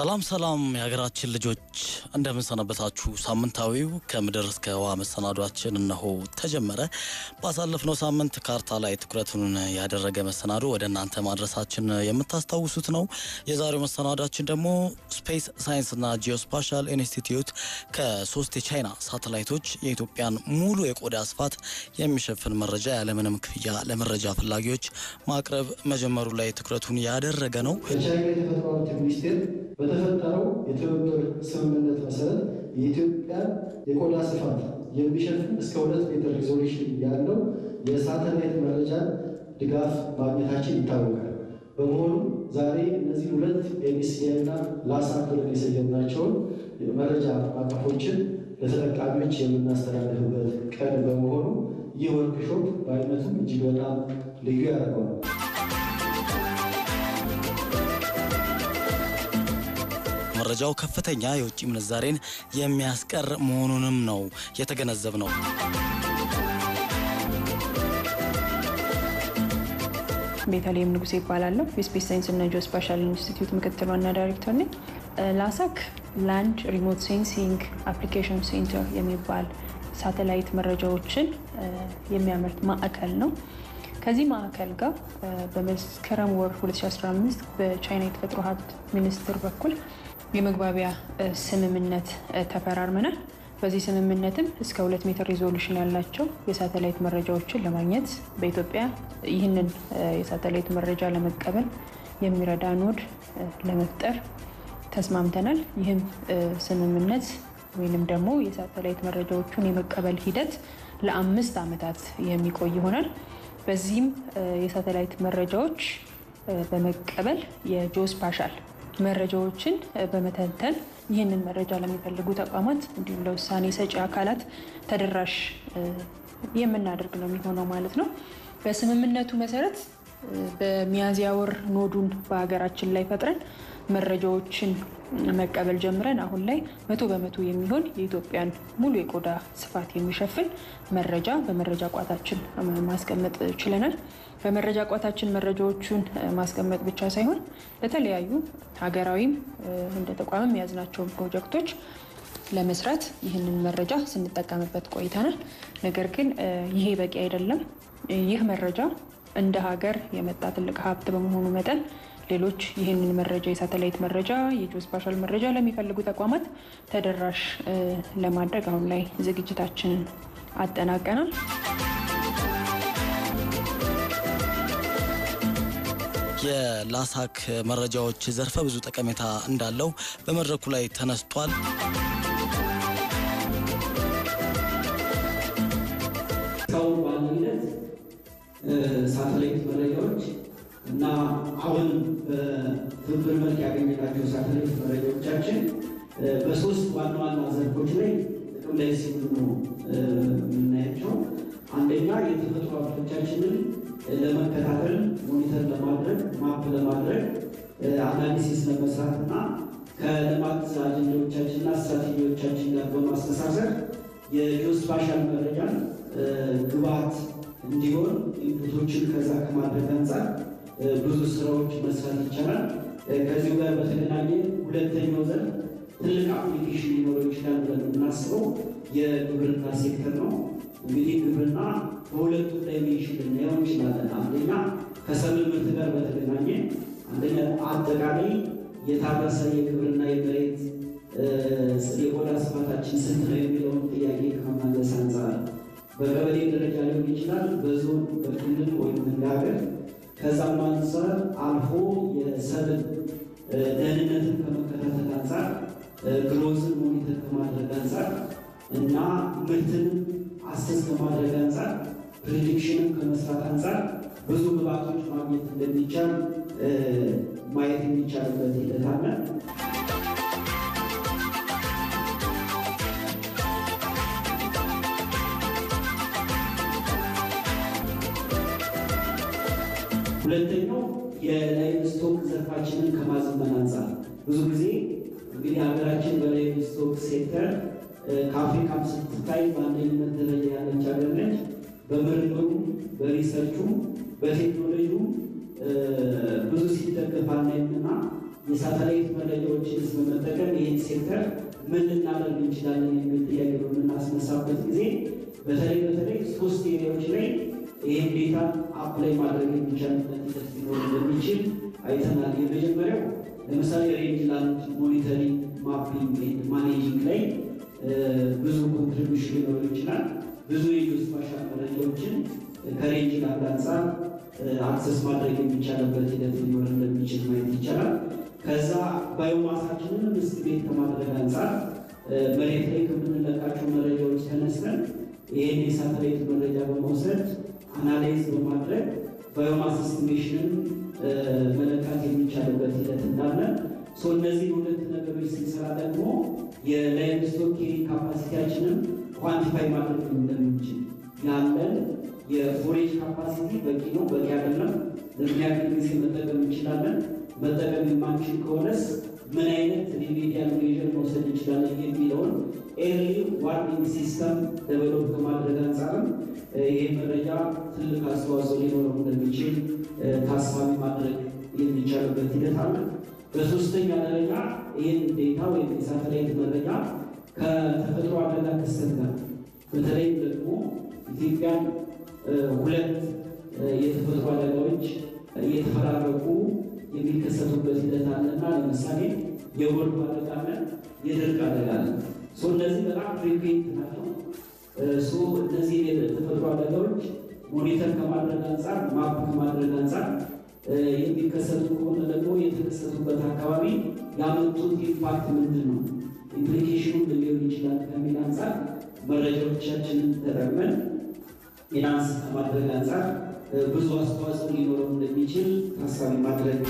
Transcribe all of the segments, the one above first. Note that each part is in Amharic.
ሰላም ሰላም የሀገራችን ልጆች እንደምንሰነበታችሁ። ሳምንታዊው ከምድር እስከ ህዋ መሰናዷችን እነሆ ተጀመረ። ባሳለፍነው ሳምንት ካርታ ላይ ትኩረቱን ያደረገ መሰናዶ ወደ እናንተ ማድረሳችን የምታስታውሱት ነው። የዛሬው መሰናዷችን ደግሞ ስፔስ ሳይንስና ጂኦስፓሻል ኢንስቲትዩት ከሶስት የቻይና ሳተላይቶች የኢትዮጵያን ሙሉ የቆዳ ስፋት የሚሸፍን መረጃ ያለምንም ክፍያ ለመረጃ ፈላጊዎች ማቅረብ መጀመሩ ላይ ትኩረቱን ያደረገ ነው። በተፈጠረው የትብብር ስምምነት መሰረት የኢትዮጵያ የቆዳ ስፋት የሚሸፍን እስከ ሁለት ሜትር ሪዞሉሽን ያለው የሳተላይት መረጃ ድጋፍ ማግኘታችን ይታወቃል። በመሆኑም ዛሬ እነዚህ ሁለት ኤቢሲኤ ላሳ ብለን የሰየምናቸውን መረጃ ማቀፎችን ለተጠቃሚዎች የምናስተላልፍበት ቀን በመሆኑ ይህ ወርክሾፕ በአይነቱም እጅግ በጣም ልዩ ያደርገዋል። መረጃው ከፍተኛ የውጭ ምንዛሬን የሚያስቀር መሆኑንም ነው የተገነዘብ ነው። ቤተልሔም ንጉሴ ይባላለሁ። የስፔስ ሳይንስ እና ጂኦ ስፓሻል ኢንስቲትዩት ምክትል ዋና ዳይሬክተር ነኝ። ላሳክ ላንድ ሪሞት ሴንሲንግ አፕሊኬሽን ሴንተር የሚባል ሳተላይት መረጃዎችን የሚያመርት ማዕከል ነው። ከዚህ ማዕከል ጋር በመስከረም ወር 2015 በቻይና የተፈጥሮ ሀብት ሚኒስቴር በኩል የመግባቢያ ስምምነት ተፈራርመናል። በዚህ ስምምነትም እስከ ሁለት ሜትር ሪዞሉሽን ያላቸው የሳተላይት መረጃዎችን ለማግኘት በኢትዮጵያ ይህንን የሳተላይት መረጃ ለመቀበል የሚረዳ ኖድ ለመፍጠር ተስማምተናል። ይህም ስምምነት ወይንም ደግሞ የሳተላይት መረጃዎቹን የመቀበል ሂደት ለአምስት ዓመታት የሚቆይ ይሆናል። በዚህም የሳተላይት መረጃዎች በመቀበል የጂኦስፓሻል መረጃዎችን በመተንተን ይህንን መረጃ ለሚፈልጉ ተቋማት እንዲሁም ለውሳኔ ሰጪ አካላት ተደራሽ የምናደርግ ነው የሚሆነው ማለት ነው። በስምምነቱ መሰረት በሚያዝያ ወር ኖዱን በሀገራችን ላይ ፈጥረን መረጃዎችን መቀበል ጀምረን አሁን ላይ መቶ በመቶ የሚሆን የኢትዮጵያን ሙሉ የቆዳ ስፋት የሚሸፍን መረጃ በመረጃ ቋታችን ማስቀመጥ ችለናል። በመረጃ ቋታችን መረጃዎቹን ማስቀመጥ ብቻ ሳይሆን ለተለያዩ ሀገራዊም እንደ ተቋምም የያዝናቸውን ፕሮጀክቶች ለመስራት ይህንን መረጃ ስንጠቀምበት ቆይተናል። ነገር ግን ይሄ በቂ አይደለም። ይህ መረጃ እንደ ሀገር የመጣ ትልቅ ሀብት በመሆኑ መጠን ሌሎች ይህንን መረጃ የሳተላይት መረጃ ስፓሻል መረጃ ለሚፈልጉ ተቋማት ተደራሽ ለማድረግ አሁን ላይ ዝግጅታችንን አጠናቀናል። የላሳክ መረጃዎች ዘርፈ ብዙ ጠቀሜታ እንዳለው በመድረኩ ላይ ተነስቷል። ሳተላይት መረጃ እና አሁን በትብብር መልክ ያገኘናቸው ሳተላይት መረጃዎቻችን በሶስት ዋና ዋና ዘርፎች ላይ ጥቅም ላይ ሲውሉ ነው የምናያቸው። አንደኛ የተፈጥሮ ሀብቶቻችንን ለመከታተል ሞኒተር ለማድረግ ማፕ ለማድረግ አናሊሲስ ለመስራት እና ከልማት አጀንዳዎቻችንና ስትራቴጂዎቻችን ጋር በማስተሳሰር የጂኦስፓሻል መረጃን ግብዓት እንዲሆን ኢንፑቶችን ከዛ ከማድረግ አንጻር ብዙ ስራዎች መስራት ይቻላል። ከዚሁ ጋር በተገናኘ ሁለተኛው ዘርፍ ትልቅ አፕሊኬሽን ሊኖረው ይችላል ብለን የምናስበው የግብርና ሴክተር ነው። እንግዲህ ግብርና በሁለቱ ዳይሜንሽን ልናየው እንችላለን። አንደኛ ከሰብል ምርት ጋር በተገናኘ አንደኛ አጠቃላይ የታረሰ የግብርና የመሬት የቆዳ ስፋታችን ስንት ነው የሚለውን ጥያቄ ከመመለስ አንጻር በቀበሌ ደረጃ ሊሆን ይችላል፣ በዞን በክልል ወይም እንደ ሀገር ከዛም አንፃር አልፎ የሰብል ደህንነትን ከመከታተል አንፃር ግሮዝን ሞኒተር ከማድረግ አንፃር እና ምርትን አሰስ ከማድረግ አንፃር ፕሬዲክሽንን ከመስራት አንፃር ብዙ ግባቶች ማግኘት እንደሚቻል ማየት የሚቻልበት ሂደት አለ። የላይቭ ዘርፋችንን ከማዘመን አንጻር ብዙ ጊዜ እንግዲህ ሀገራችን በላይቭ ስቶክ ሴክተር ከአፍሪካም ስትታይ በአንደኝነት ደረጃ ያለች ሀገር ነች። በምርምሩ፣ በሪሰርቹ፣ በቴክኖሎጂ ብዙ ሲደገፍ አናይምና የሳተላይት መረጃዎችን በመጠቀም ይህን ሴክተር ምን ልናደርግ እንችላለን የሚል ጥያቄ በምናስነሳበት ጊዜ በተለይ በተለይ ሶስት ኤሪያዎች ላይ ይህን ቤታ አፕላይ ማድረግ የሚቻልበት ሂደት ሊኖር እንደሚችል አይተናል። የመጀመሪያው ለምሳሌ ሬንጅ ላንድ ሞኒተሪንግ ማፒንግ ማኔጂንግ ላይ ብዙ ኮንትሪቢሽን ሊኖር ይችላል። ብዙ የጆስፋሻ መረጃዎችን ከሬንጅ ላንድ አንጻር አክሰስ ማድረግ የሚቻልበት ሂደት ሊኖር እንደሚችል ማየት ይቻላል። ከዛ ባዮማሳችንን ቤት ከማድረግ አንጻር መሬት ላይ ከምንለቃቸው መረጃዎች ተነስተን ይህን የሳተላይት መረጃ በመውሰድ አናላይዝ በማድረግ ባዮማስ ኤስቲሜሽንን መለካት የሚቻልበት ሂደት እንዳለ ሰው እነዚህ ሁለት ነገሮች ስንሰራ ደግሞ የላይቭ ስቶክ ካፓሲቲያችንን ኳንቲፋይ ማድረግ እንደምንችል ያለን የፎሬጅ ካፓሲቲ በቂ ነው በቂ አይደለም ለምን ያክል ጊዜ መጠቀም እንችላለን መጠቀም የማንችል ከሆነስ ምን አይነት ሪሜዲያል ሜዥር መውሰድ እንችላለን የሚለውን ኤርሊ ዋርኒንግ ሲስተም ደቨሎፕ ከማድረግ አንጻርም ይህ መረጃ ትልቅ አስተዋጽኦ ሊኖረው እንደሚችል ታሳቢ ማድረግ የሚቻልበት ሂደት አለ። በሶስተኛ ደረጃ ይህን ዴታ ወይም የሳተላይት መረጃ ከተፈጥሮ አደጋ ክስተት ጋር በተለይም ደግሞ ኢትዮጵያን ሁለት የተፈጥሮ አደጋዎች እየተፈራረቁ የሚከሰቱበት ሂደት አለና ለምሳሌ የጎርፍ አደጋ አለ፣ የድርቅ አደጋ አለ። እነዚህ በጣም ፍሪኩዌንት ናቸው። እነዚህ የተፈጥሮ አደጋዎች ሞኒተር ከማድረግ አንጻር ማፕ ከማድረግ አንጻር የሚከሰቱ ከሆነ ደግሞ የተከሰቱበት አካባቢ ያመጡት ኢምፓክት ምንድን ነው ኢምፕሊኬሽኑ ሊሆን ይችላል ከሚል አንጻር መረጃዎቻችንን ተጠቅመን ኢናንስ ከማድረግ አንጻር ብዙ አስተዋጽኦ ሊኖረው እንደሚችል ታሳቢ ማድረግ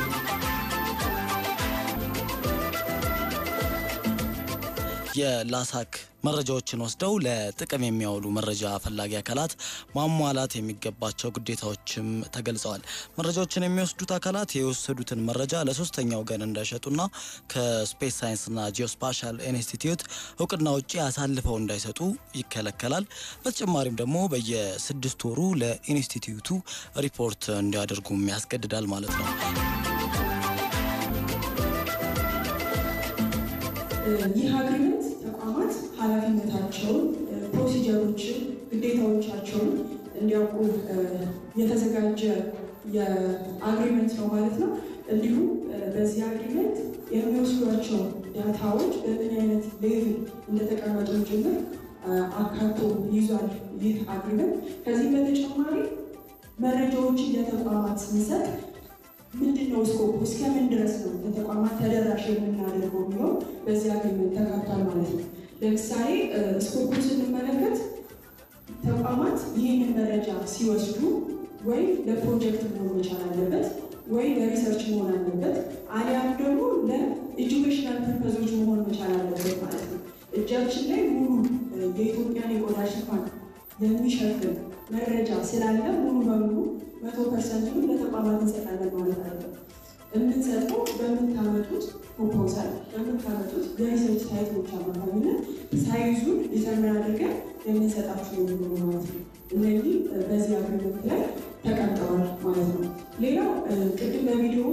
የላሳክ መረጃዎችን ወስደው ለጥቅም የሚያውሉ መረጃ ፈላጊ አካላት ማሟላት የሚገባቸው ግዴታዎችም ተገልጸዋል። መረጃዎችን የሚወስዱት አካላት የወሰዱትን መረጃ ለሶስተኛ ወገን እንዳይሸጡና ከስፔስ ሳይንስና ጂኦስፓሻል ኢንስቲትዩት እውቅና ውጭ አሳልፈው እንዳይሰጡ ይከለከላል። በተጨማሪም ደግሞ በየስድስት ወሩ ለኢንስቲትዩቱ ሪፖርት እንዲያደርጉም ያስገድዳል ማለት ነው። ይህ አግሪመንት ተቋማት ኃላፊነታቸውን፣ ፕሮሲጀሮችን፣ ግዴታዎቻቸውን እንዲያውቁ የተዘጋጀ የአግሪመንት ነው ማለት ነው። እንዲሁም በዚህ አግሪመንት የሚወስዷቸው ዳታዎች በምን አይነት ሌቭል እንደተቀመጡ ጭምር አካቶ ይዟል ይህ አግሪመንት። ከዚህም በተጨማሪ መረጃዎችን ለተቋማት ስንሰጥ ምንድን ነው ስኮፕ እስከምን ድረስ ነው ለተቋማት ተደራሽ የምናደርገው ቢሆን በዚህ አግሪመንት ተካቷል ማለት ነው። ለምሳሌ ስኮፑን ስንመለከት ተቋማት ይህንን መረጃ ሲወስዱ ወይ ለፕሮጀክት መሆን መቻል አለበት ወይ ለሪሰርች መሆን አለበት፣ አሊያም ደግሞ ለኤጁኬሽናል ፐርፐዞች መሆን መቻል አለበት ማለት ነው። እጃችን ላይ ሙሉ የኢትዮጵያን የቆዳ ሽፋን የሚሸፍን መረጃ ስላለ ሙሉ በሙሉ መቶ ፐርሰንቱ ለተቋማት እንሰጣለን ማለት አለ። የምንሰጡ በምታመጡት ፕሮፖዛል በምታመጡት የሪሰርች ታይቶች አማካኝነት ሳይዙን ዲተርሚን አድርገን የምንሰጣቸው የሚሆኑ ማለት ነው። እነዚህ በዚህ አገልግሎት ላይ ተቀምጠዋል ማለት ነው። ሌላው ቅድም በቪዲዮ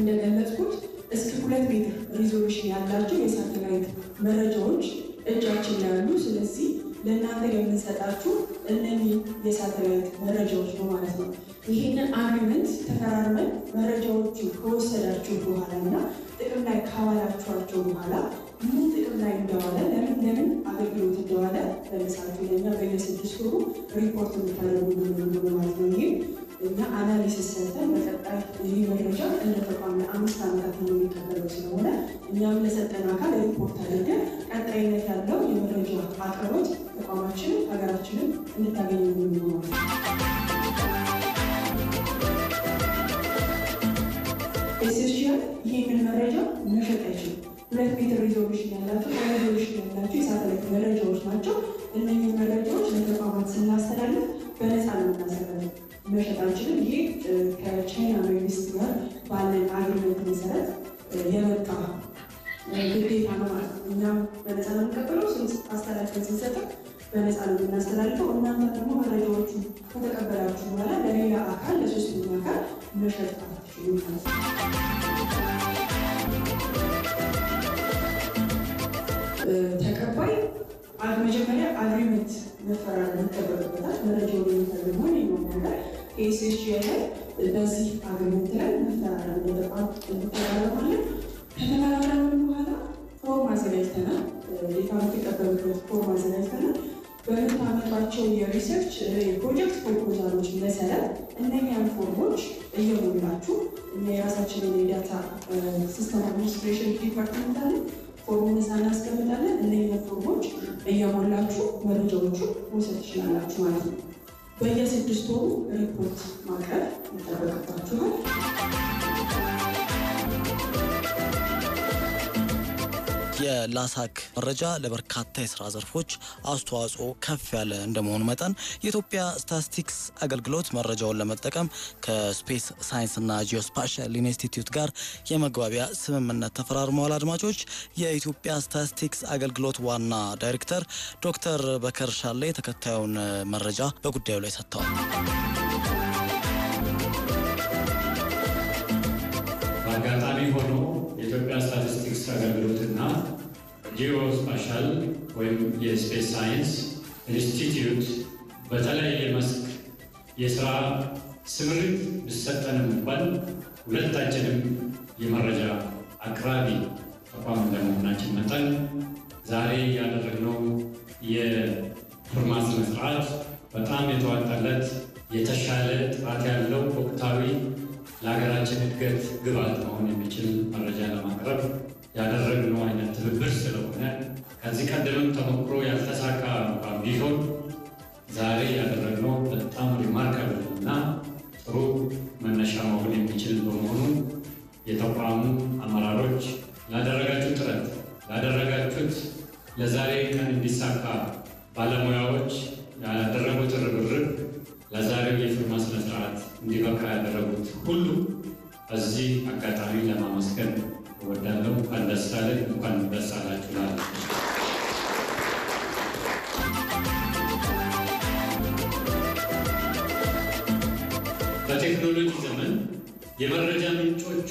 እንደገለጽኩት እስከ ሁለት ሜትር ሪዞሉሽን ያላቸው የሳተላይት መረጃዎች እጃችን ላይ ያሉ ስለዚህ ለእናንተ የምንሰጣችሁ እነኚህ የሳተላይት መረጃዎች ነው ማለት ነው። ይህንን አግሪመንት ተፈራርመን መረጃዎቹ ከወሰዳችሁ በኋላ እና ጥቅም ላይ ካዋላችኋቸው በኋላ ምን ጥቅም ላይ እንደዋለ ለምን ለምን አገልግሎት እንደዋለ በመሳቱ ለእኛ በየስድስት ወሩ ሪፖርት የምታደርጉ ማለት ነው። ይህም እና አናሊሲስ ሰርተን በቀጣይ ይህ መረጃ እንደ ተቋም ለአምስት ዓመታት ነው የሚቀበለው ስለሆነ እኛም ለሰጠን አካል ሪፖርት አድርገን ቀጣይነት ያለው የመረጃ አቅርቦት ተቋማችንን ሀገራችንን እንድታገኝ የሚሆነው ኤሴንሺያል ይህንን መረጃ መሸጥ አይችልም። ሁለት ሜትር ሪዞሉሽን ያላቸው ሪዞሉሽን ያላቸው የሳተላይት መረጃዎች ናቸው። እነዚህ መረጃዎች ለተቋማ ተቀባይ መጀመሪያ አግሪመንት መፈራረም ይጠበቅበታል። መረጃው የሚፈልገው የማሆን ላይ ኤስኤስጂ ላይ በዚህ አግሪመንት ላይ መፈራረም እንደጠቋም እንፈራረማለን። ከተፈራረምን በኋላ ፎርም አዘጋጅተናል። የፋብሪክ የቀበሉበት ፎርም አዘጋጅተናል። በምታመጣቸው የሪሰርች የፕሮጀክት ፕሮፖዛሎች መሰረት እነኛን ፎርሞች እየሞላችሁ የራሳችንን የዳታ ሲስተም አድሚኒስትሬሽን ዲፓርትመንት አለ፣ ፎርሙ እዛ እናስቀምጣለን። እነኛን ፎርሞች እየሞላችሁ መረጃዎቹ መውሰድ ትችላላችሁ ማለት ነው። በየስድስት ወሩ ሪፖርት ማቅረብ ይጠበቅባችኋል። የላሳክ መረጃ ለበርካታ የስራ ዘርፎች አስተዋጽኦ ከፍ ያለ እንደመሆኑ መጠን የኢትዮጵያ ስታቲስቲክስ አገልግሎት መረጃውን ለመጠቀም ከስፔስ ሳይንስና ጂኦስፓሻል ኢንስቲትዩት ጋር የመግባቢያ ስምምነት ተፈራርመዋል። አድማጮች፣ የኢትዮጵያ ስታቲስቲክስ አገልግሎት ዋና ዳይሬክተር ዶክተር በከር ሻሌ ተከታዩን መረጃ በጉዳዩ ላይ ሰጥተዋል። በአጋጣሚ ሆኖ የኢትዮጵያ ስታቲስቲክስ አገልግሎት ጂኦስፓሻል ወይም የስፔስ ሳይንስ ኢንስቲትዩት በተለያየ መስክ የስራ ስምሪት ብሰጠንም እንኳን ሁለታችንም የመረጃ አቅራቢ ተቋም እንደመሆናችን መጠን ዛሬ ያደረግነው የፊርማ ስነስርዓት በጣም የተዋጠለት የተሻለ ጥራት ያለው ወቅታዊ ለሀገራችን እድገት ግብዓት መሆን የሚችል መረጃ ለማቅረብ ያደረግነው አይነት ትብብር ስለሆነ ከዚህ ቀደምም ተሞክሮ ያልተሳካ እንኳን ቢሆን ዛሬ ያደረግነው በጣም ሪማርካብል እና ጥሩ መነሻ መሆን የሚችል በመሆኑ የተቋሙ አመራሮች ላደረጋችሁ ጥረት ላደረጋችሁት ለዛሬ ቀን እንዲሳካ ባለሙያዎች ያደረጉት ርብርብ ለዛሬው የፊርማ ስነስርዓት እንዲበቃ ያደረጉት ሁሉ በዚህ አጋጣሚ ለማመስገን እወዳለሁ። እንኳን ደስ አለህ፣ እንኳን ደስ አላችሁ ላለ በቴክኖሎጂ ዘመን የመረጃ ምንጮቹ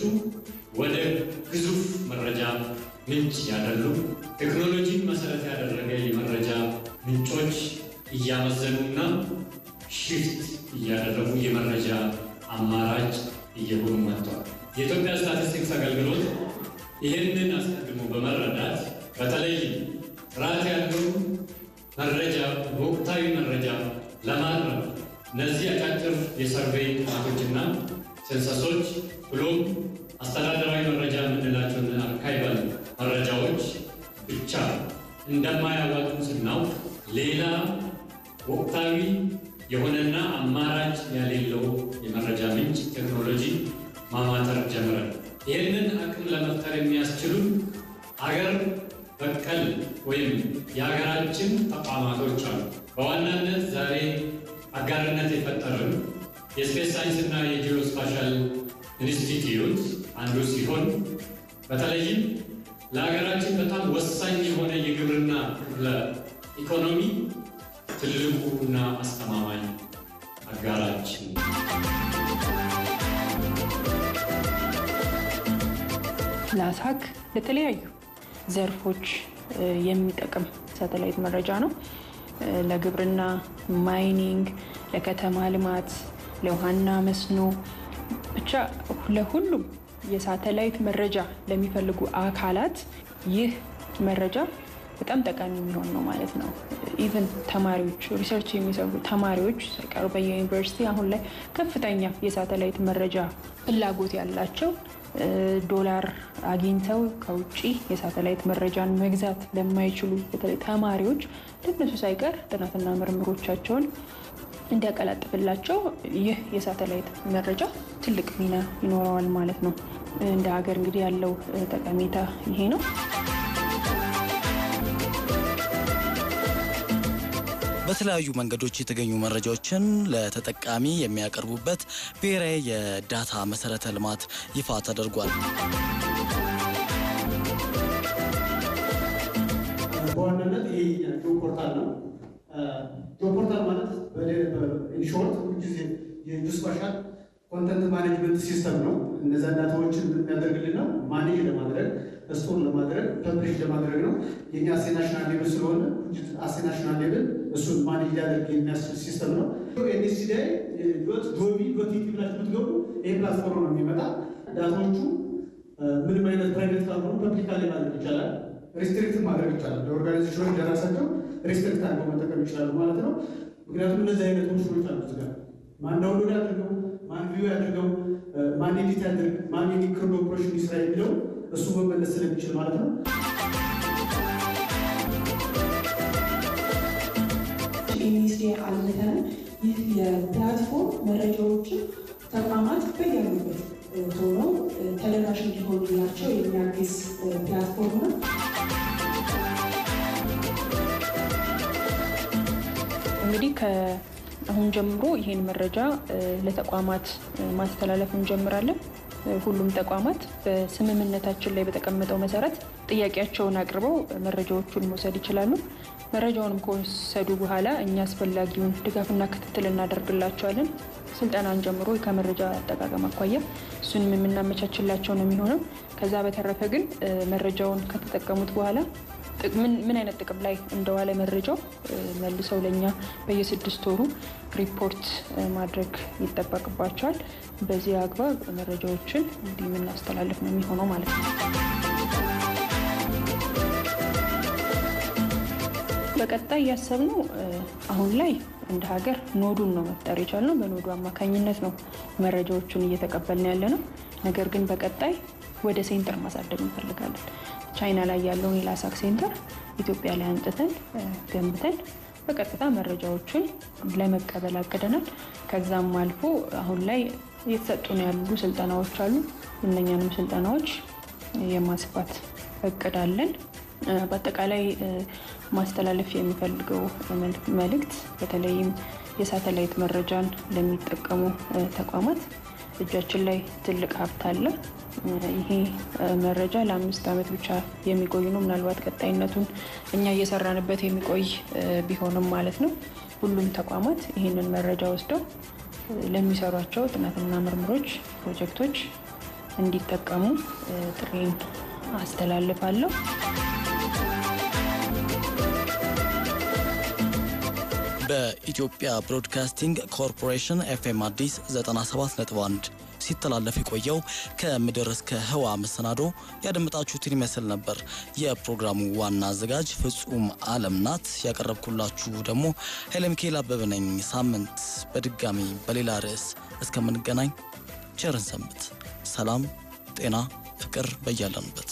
ወደ ግዙፍ መረጃ ምንጭ ያደሉ ቴክኖሎጂን መሰረት ያደረገ የመረጃ ምንጮች እያመዘኑና ሽፍት እያደረጉ የመረጃ አማራጭ እየሆኑ መጥተዋል። የኢትዮጵያ ስታቲስቲክስ አገልግሎት ይህንን አስቀድሞ በመረዳት በተለይ ጥራት ያለው መረጃ በወቅታዊ መረጃ ለማድረግ እነዚህ አጫጭር የሰርቬይ ጥናቶችና ሴንሰሶች ብሎም አስተዳደራዊ መረጃ የምንላቸውን አርካይባል መረጃዎች ብቻ እንደማያዋጡ ስናውቅ ሌላ ወቅታዊ የሆነና አማራጭ ያሌለው የመረጃ ምንጭ ቴክኖሎጂ ማማተር ጀምረን ይህንን አቅም ለመፍጠር የሚያስችሉን አገር በቀል ወይም የሀገራችን ተቋማቶች አሉ። በዋናነት ዛሬ አጋርነት የፈጠረን የስፔስ ሳይንስ እና የጂኦ ስፓሻል ኢንስቲትዩት አንዱ ሲሆን በተለይም ለሀገራችን በጣም ወሳኝ የሆነ የግብርና ክፍለ ኢኮኖሚ ትልቁና አስተማማኝ አጋራችን ለአሳ ለተለያዩ ዘርፎች የሚጠቅም ሳተላይት መረጃ ነው። ለግብርና፣ ማይኒንግ፣ ለከተማ ልማት፣ ለውሃና መስኖ ብቻ ለሁሉም የሳተላይት መረጃ ለሚፈልጉ አካላት ይህ መረጃ በጣም ጠቃሚ የሚሆን ነው ማለት ነው። ኢቨን ተማሪዎች ሪሰርች የሚሰሩ ተማሪዎች ሳይቀሩ በየዩኒቨርሲቲ አሁን ላይ ከፍተኛ የሳተላይት መረጃ ፍላጎት ያላቸው ዶላር አግኝተው ከውጭ የሳተላይት መረጃን መግዛት ለማይችሉ በተለይ ተማሪዎች ለነሱ ሳይቀር ጥናትና ምርምሮቻቸውን እንዲያቀላጥፍላቸው ይህ የሳተላይት መረጃ ትልቅ ሚና ይኖረዋል ማለት ነው። እንደ ሀገር እንግዲህ ያለው ጠቀሜታ ይሄ ነው። በተለያዩ መንገዶች የተገኙ መረጃዎችን ለተጠቃሚ የሚያቀርቡበት ብሔራዊ የዳታ መሰረተ ልማት ይፋ ተደርጓል። በዋናነት ይህ ዶፖርታል ነው። ዶፖርታል ማለት ኢንሾርት ጊዜ የኢንዱስፓሻል ኮንተንት ማኔጅመንት ሲስተም ነው። እነዛ ዳታዎችን የሚያደርግልን ነው ማኔጅ ለማድረግ እሱን ለማድረግ ፐብሊክ ለማድረግ ነው። የኛ አሴ ናሽናል ሌብል ስለሆነ አሴ ናሽናል ሌብል እሱን ማን እያደርግ የሚያስችል ሲስተም ነው። ኤንዲሲ ላይ ዶቢ ዶቲቲ ብላችሁ ምትገቡ ይህ ፕላትፎርም ነው የሚመጣ። ዳታዎቹ ምንም አይነት ፕራይቬት ካልሆኑ ፐብሊካ ላይ ማድረግ ይቻላል። ሪስትሪክት ማድረግ ይቻላል። ለኦርጋኒዜሽኖች ለራሳቸው ሪስትሪክት አድርገው መጠቀም ይችላሉ ማለት ነው። ምክንያቱም እነዚህ አይነት ሽኖች አሉ ጋር ማን ዳውንሎድ ያደርገው ማን ቪው ያደርገው ማን ኤዲት ያደርግ ማን ኤዲት ክርዶ ኦፕሬሽን ይስራ የሚለው እሱ መመለስ ስለሚችል ማለት ነው። ይህ የፕላትፎርም መረጃዎችን ተቋማት በያሉበት ተደራሽ እንዲሆኑላቸው የሚያግዝ ፕላትፎርም ነው። እንግዲህ ከአሁን ጀምሮ ይህን መረጃ ለተቋማት ማስተላለፍ እንጀምራለን። ሁሉም ተቋማት በስምምነታችን ላይ በተቀመጠው መሰረት ጥያቄያቸውን አቅርበው መረጃዎቹን መውሰድ ይችላሉ። መረጃውንም ከወሰዱ በኋላ እኛ አስፈላጊውን ድጋፍና ክትትል እናደርግላቸዋለን። ስልጠናን ጀምሮ ከመረጃ አጠቃቀም አኳያ እሱንም የምናመቻችላቸው ነው የሚሆነው። ከዛ በተረፈ ግን መረጃውን ከተጠቀሙት በኋላ ምን አይነት ጥቅም ላይ እንደዋለ መረጃው መልሰው ለእኛ በየስድስት ወሩ ሪፖርት ማድረግ ይጠበቅባቸዋል። በዚህ አግባብ መረጃዎችን እንዲህ የምናስተላልፍ ነው የሚሆነው ማለት ነው። በቀጣይ እያሰብነው አሁን ላይ እንደ ሀገር ኖዱን ነው መፍጠር የቻልነው። በኖዱ አማካኝነት ነው መረጃዎቹን እየተቀበልን ያለ ነው። ነገር ግን በቀጣይ ወደ ሴንተር ማሳደግ እንፈልጋለን። ቻይና ላይ ያለውን የላሳክ ሴንተር ኢትዮጵያ ላይ አምጥተን ገንብተን በቀጥታ መረጃዎቹን ለመቀበል አቅደናል። ከዛም አልፎ አሁን ላይ እየተሰጡን ያሉ ስልጠናዎች አሉ። እነኛንም ስልጠናዎች የማስፋት እቅዳለን። በአጠቃላይ ማስተላለፍ የሚፈልገው መልእክት በተለይም የሳተላይት መረጃን ለሚጠቀሙ ተቋማት እጃችን ላይ ትልቅ ሀብት አለ። ይሄ መረጃ ለአምስት ዓመት ብቻ የሚቆይ ነው። ምናልባት ቀጣይነቱን እኛ እየሰራንበት የሚቆይ ቢሆንም ማለት ነው። ሁሉም ተቋማት ይህንን መረጃ ወስደው ለሚሰሯቸው ጥናትና ምርምሮች ፕሮጀክቶች እንዲጠቀሙ ጥሬን አስተላልፋለሁ። በኢትዮጵያ ብሮድካስቲንግ ኮርፖሬሽን ኤፍኤም አዲስ 97.1 ሲተላለፍ የቆየው ከምድር እስከ ህዋ መሰናዶ ያደመጣችሁትን ይመስል ነበር። የፕሮግራሙ ዋና አዘጋጅ ፍጹም አለም ናት። ያቀረብኩላችሁ ደግሞ ኃይለ ሚካኤል አበበ ነኝ። ሳምንት በድጋሚ በሌላ ርዕስ እስከምንገናኝ ቸርን ሰንብት። ሰላም፣ ጤና፣ ፍቅር በያለንበት